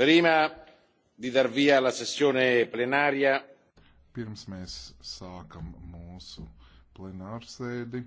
Prima di dar via alla sessione plenaria. Pirms mēs sākam mūsu plenārsēdi.